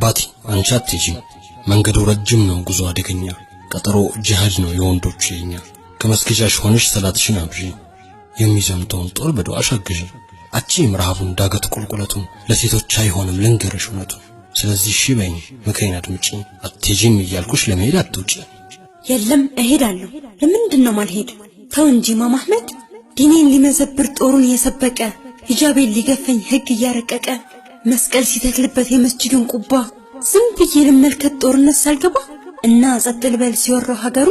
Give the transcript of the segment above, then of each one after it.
ባቲ አንቺ አትሂጂ፣ መንገዱ ረጅም ነው፣ ጉዞ አደገኛ፣ ቀጠሮ ጅሃድ ነው የወንዶች የኛ። ከመስገጃሽ ሆነሽ ሰላትሽን አብዢ፣ የሚዘምተውን ጦር በዱዓሽ አግዢ። አቺ ረሃቡን ዳገት ቁልቁለቱን ለሴቶች አይሆንም ልንገርሽ እውነቱን። ስለዚህ እሺ በይኝ ምክሬን አድምጪ፣ አትሄጂም እያልኩሽ ለመሄድ አትውጪ። የለም እሄዳለሁ። ለምንድን ነው ማልሄድ? ተው እንጂ ማማህመድ አህመድ ዲኔን ሊመዘብር ጦሩን እየሰበቀ ሂጃቤን ሊገፈኝ ህግ እያረቀቀ መስቀል ሲተክልበት የመስጂዱን ቁባ ዝም ብዬ ልመልከት ጦርነት ሳልገባ እና ጸጥ ልበል ሲወራው ሀገሩ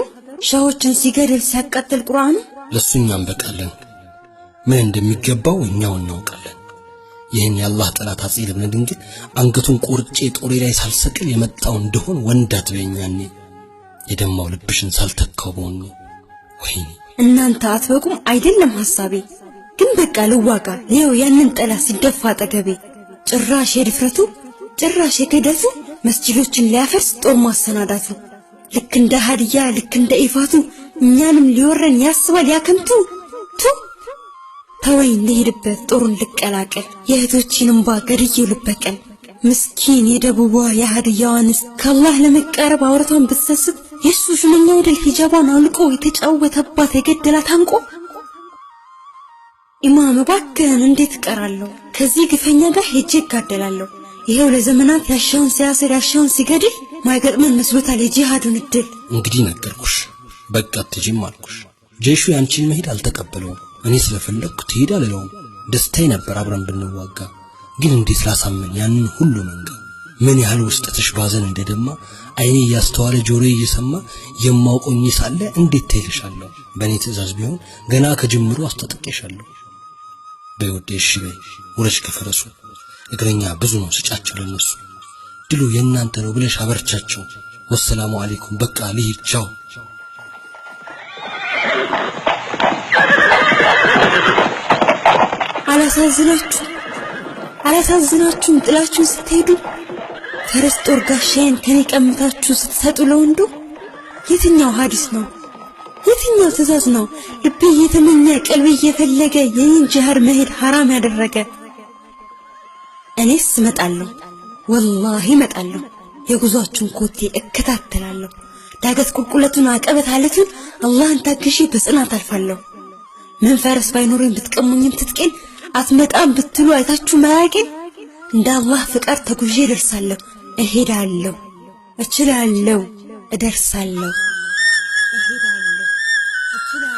ሻዎችን ሲገድል ሲያቃጥል ቁርአኑ ለሱ እኛ እንበቃለን። ምን እንደሚገባው እኛው እናውቃለን። ይህን የአላህ ጠላት አጼ ልብነ ድንግል አንገቱን ቆርጬ ጦሬ ላይ ሳልሰቅል የመጣው እንደሆን ወንድ በኛኔ የደማው ልብሽን ሳልተካው በሆኑ ወይኔ እናንተ አትበቁም አይደለም ሐሳቤ ግን በቃ ልዋጋ ይኸው ያንን ጠላት ሲደፋ አጠገቤ ጭራሽ የድፍረቱ ጭራሽ የገደፉ መስጂዶችን ሊያፈርስ ጦር ማሰናዳቱ ልክ እንደ ሀዲያ ልክ እንደ ኢፋቱ እኛንም ሊወረን ያስባል ያከንቱ ቱ ተወይ ልሄድበት ጦሩን ልቀላቀል የእህቶችን እምባ ገድዬው ልበቀል ምስኪን የደቡቧ የሀዲያዋንስ ከአላህ ለመቃረብ አውረቷን ብትሰስት የእሱ ሹመኛ ወደል ሂጃቧን አውልቆ የተጫወተባት የገደላት አንቆ ኢማም እባክህን እንዴት እቀራለሁ ከዚህ ግፈኛ ጋር ሄጄ እጋደላለሁ። ይሄው ለዘመናት ያሻውን ሲያስር ያሻውን ሲገድል ማይገጥመን መስሎታል የጂሃዱን እድል። እንግዲህ ነገርኩሽ፣ በቃ አትሄጂም አልኩሽ። ጄሹ ያንቺን መሄድ አልተቀበለውም። እኔ ስለፈለግኩ ትሄድ አልለውም። ደስታዬ ነበር አብረን ብንዋጋ፣ ግን እንዴት ላሳምን ያንን ሁሉ መንገድ ምን ያህል ውስጥትሽ ባዘን እንደደማ አይኔ እያስተዋለ ጆሮ እየሰማ የማውቆኝ ሳለ እንዴት ታይልሻለሁ? በእኔ ትእዛዝ ቢሆን ገና ከጅምሩ አስታጥቄሻለሁ። በይወዴ እሺ በይ ውረጅ ከፈረሱ እግረኛ ብዙ ነው ስጫቸው ለነሱ ድሉ የእናንተ ነው ብለሽ አበርቻቸው ወሰላሙ አሌይኩም በቃ ልሂድ ቻው አላሳዝናችሁ አላሳዝናችሁም ጥላችሁን ስትሄዱ ፈረስ ጦር ጋሻዬን ከኔ ቀምታችሁ ስትሰጡ ለወንዱ የትኛው ሀዲስ ነው የትኛው ትእዛዝ ነው ልቤ እየተመኘ ቀልቤ እየፈለገ የኔን ጀሃር መሄድ ሐራም ያደረገ? እኔስ እመጣለሁ፣ ወላሂ እመጣለሁ። የጉዟችሁን ኮቴ እከታተላለሁ። ዳገት ቁልቁለቱን አቀበት አለቱን አላህን ታግሼ በጽናት አልፋለሁ። መንፈረስ ባይኖረኝ ብትቀሙኝም ትጥቄን አትመጣም ብትሉ አይታችሁ መራቄን እንደ አላህ ፍቃድ ተጉዤ እደርሳለሁ። እሄዳለሁ፣ እችላለሁ፣ እደርሳለሁ። 부추를 아,